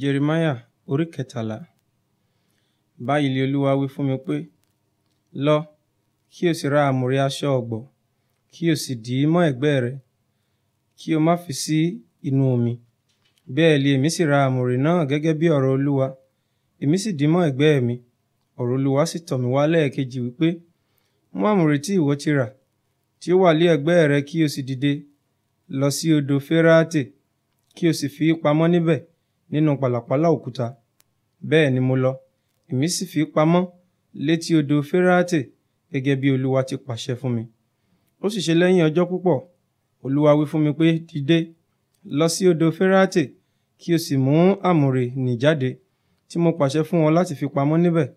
Jeremiah orí kẹtàlá báyìí lé olúwa wí fún mi pé lọ kí o sì ra àmùrè aṣọ ọ̀gbọ̀ kí o sì dì í mọ́ ẹ̀gbẹ́ rẹ kí o má fi sí inú omi bẹ́ẹ̀ lé èmi sì ra àmùrè náà gẹ́gẹ́ bí ọ̀rọ̀ olúwa èmi sì dì í mọ́ ẹ̀gbẹ́ mi ọ̀rọ̀ olúwa sì tọ̀ mí wá lẹ́ẹ̀kejì wípé mú àmùrè tí ìwọ ti rà tí ó wà lé ẹ̀gbẹ́ rẹ kí o sì dìde lọ sí odò fẹ́ràtè kí o sì fi í pamọ́ níbẹ̀ nínú pàlàpálá òkúta bẹ́ẹ̀ ni mo lọ èmi sì fi pamọ́ létí odò fẹ́ràtè gẹ́gẹ́ bí olúwa ti pàṣẹ fún mi ó sì ṣe lẹ́yìn ọjọ́ púpọ̀ olúwa wí fún mi pé dìde lọ sí odò fẹ́ràtè kí o sì mú àmùrè nì jáde tí mo pàṣẹ fún wọn láti fi pamọ́ níbẹ̀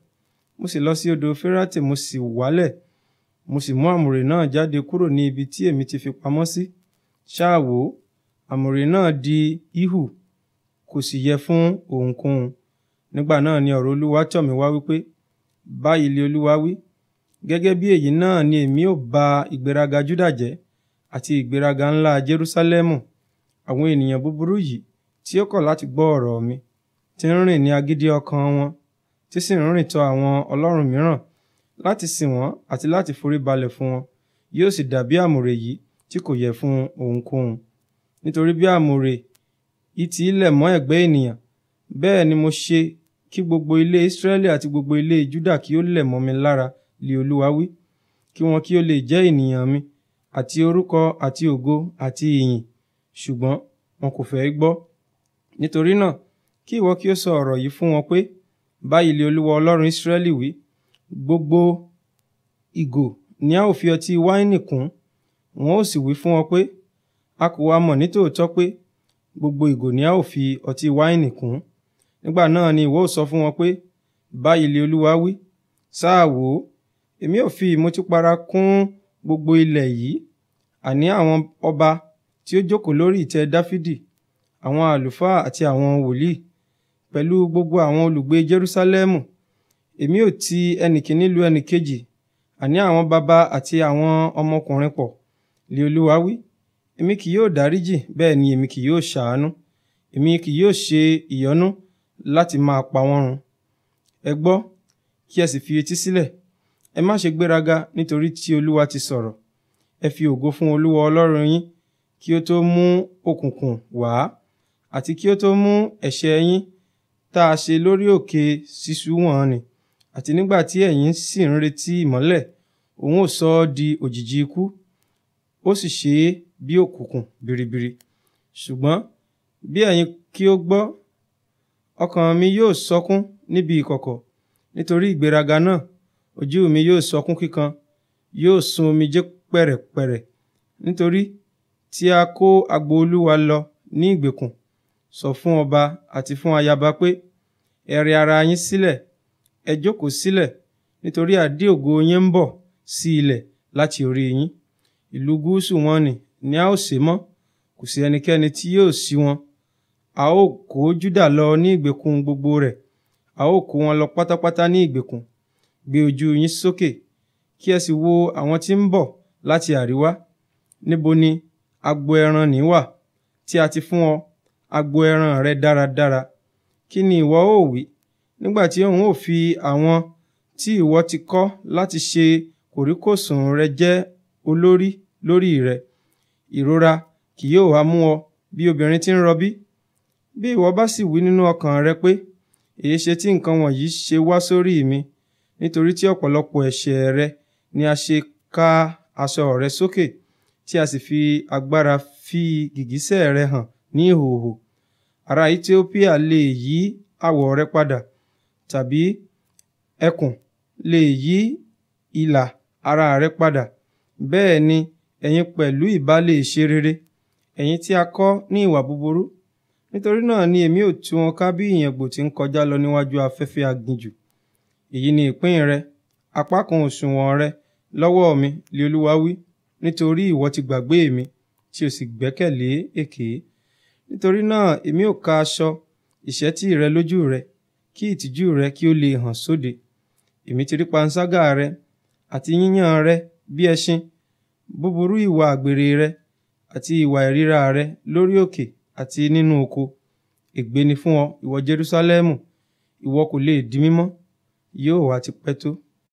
mo sì lọ sí odò fẹ́ràtè mo sì wálẹ̀ mo sì mú àmùrè náà jáde kúrò ní ibi tí èmi ti fi pamọ́ sí ṣáà wò àmùrè náà di ihù kò sì yẹ fún ohunkóhun nígbà náà ni ọ̀rọ̀ olúwa tọ̀ mí wá wípé báyìí lé olúwa wí gẹ́gẹ́ bí èyí náà ni èmi ò ba ìgbéraga Júdà jẹ́ àti ìgbéraga ńlá Jerúsálẹ́mù àwọn ènìyàn búburú yìí tí ó kọ̀ láti gbọ́ ọ̀rọ̀ mi tí ń rìn ní agídí ọkàn wọn tí sì ń rìn tọ̀ àwọn ọlọ́run mìíràn láti sìn wọ́n àti láti forí balẹ̀ fún wọn yóò sì dàbí àmùrè yìí tí kò yẹ fún ohunkóhun nítorí bí àmùrè yìí ti ilẹ̀ mọ́ ẹ̀gbẹ́ ènìyàn bẹ́ẹ̀ ni mo ṣe kí gbogbo ilé Israẹli àti gbogbo ilé Júdà kí ó lẹ̀ mọ́ mi lára li Olúwa wí kí wọn kí ó lè jẹ́ ènìyàn mi àti orúkọ àti ògo àti ìyìn ṣùgbọ́n wọn kò fẹ́ gbọ́ nítorí náà kí ìwọ kí ó sọ ọ̀rọ̀ yìí fún wọn pé báyìí li Olúwa Ọlọ́run Israẹli wí gbogbo ìgò ni a ó fi ọtí wáìnì kún wọn ó sì wí fún wọn pé a kò wá mọ̀ nítòótọ́ pé gbogbo ìgò ni a ó fi ọtí wáìnì kún nígbà náà ni ìwọ ó sọ fún wọn pé báyìí lé olúwa wí sáà wò ó èmi ò fi ìmutípara kún gbogbo ilẹ̀ yìí àní àwọn ọba tí ó jókòó lórí ìtẹ́ dáfídì àwọn àlùfáà àti àwọn wòlíì pẹ̀lú gbogbo àwọn olùgbé jerúsálẹ́mù èmi ò ti ẹnìkíní lu ẹnìkejì àní àwọn baba àti àwọn ọmọkùnrin pọ̀ lé olúwa wí èmi kì yóò dáríjì bẹ́ẹ̀ ni èmi kì yóò ṣàánú èmi kì yóò ṣe ìyọ́nú láti máa pa wọ́n run ẹ gbọ́ kí ẹ sì fi etí sílẹ̀ ẹ má ṣe gbéraga nítorí tí olúwa ti sọ̀rọ̀ ẹ fi ògo fún olúwa ọlọ́run yín kí ó tó mú òkùnkùn wá àti kí ó tó mú ẹ̀ṣẹ̀ yín tá a ṣe lórí òkè ṣíṣú wọn ni àti nígbà tí ẹ̀yin sì ń retí ìmọ́lẹ̀ òun ò sọ ọ́ di òjìji ikú ó sì ṣe é bí òkùnkùn biribiri ṣùgbọ́n bí ẹ̀yin kí ó gbọ́ ọkàn mi yóò sọkún níbi ìkọ̀kọ̀ nítorí ìgbéraga náà ojú mi yóò sọkún kíkan yóò sun omijé pẹ̀rẹ̀pẹ̀rẹ̀ nítorí tí a kó agbo olúwa lọ ní ìgbèkùn sọ fún ọba àti fún ayaba pé ẹ ara yín sílẹ̀ ẹ jókòó sílẹ̀ nítorí àdé yín ń bọ̀ sí ilẹ̀ láti orí yín ìlú gúúsù wọn nì ni a ó sè mọ́ kò sí ẹnikẹ́ni tí yóò ṣí wọn a ó kó Júdà lọ ní ìgbèkùn gbogbo rẹ̀ a ó kó wọn lọ pátápátá ní ìgbèkùn gbé ojú yín sókè kí ẹ sì wo àwọn tí ń bọ̀ láti àríwá níbo ni agbo ẹran nì wà tí a ti fún ọ agbo ẹran rẹ dáradára kí ni ìwọ ó wí nígbà tí òun ó fi àwọn tí ìwọ ti kọ́ láti ṣe kòríkòsùn rẹ jẹ́ olórí lórí rẹ̀ ìrora kì yóò wá mú ọ bí obìnrin tí ń rọbí bí ìwọ bá sì wí nínú ọkàn rẹ pé èyí ṣe tí nǹkan wọ̀nyí ṣe wá sórí mi nítorí tí ọ̀pọ̀lọpọ̀ ẹ̀ṣẹ̀ rẹ ni a ṣe ká aṣọ rẹ sókè tí a sì fi agbára fi gìgísẹ̀ rẹ hàn ní ìhòòhò ará Ethiopia lè yí àwọ̀ rẹ padà tàbí ẹkùn lè yí ìlà ara rẹ padà bẹ́ẹ̀ ni ẹ̀yin pẹ̀lú ìbálẹ̀ ṣe rere ẹ̀yin tí a kọ́ ní ìwà búburú nítorí náà ni èmi ò tú wọn ká bí ìyàngbò tí ń kọjá lọ níwájú afẹ́fẹ́ aginjù èyí ni ìpín rẹ apá kan òṣùwọ̀n rẹ lọ́wọ́ mi li olúwa wí nítorí ìwọ ti gbàgbé mi tí o sì gbẹ́kẹ̀lé èké nítorí náà èmi ò ka aṣọ ìṣẹ́tí rẹ lójú rẹ kí ìtìjú rẹ kí ó lè hàn sóde èmi ti rí panṣágà rẹ àti yíyàn rẹ bí ẹṣin búburú ìwà àgbèrè rẹ àti ìwà ìríra rẹ lórí òkè àti nínú oko ègbé ni fún ọ ìwọ Jerúsálẹ́mù ìwọ kò lè di mímọ́ yóò wá ti pẹ́ tó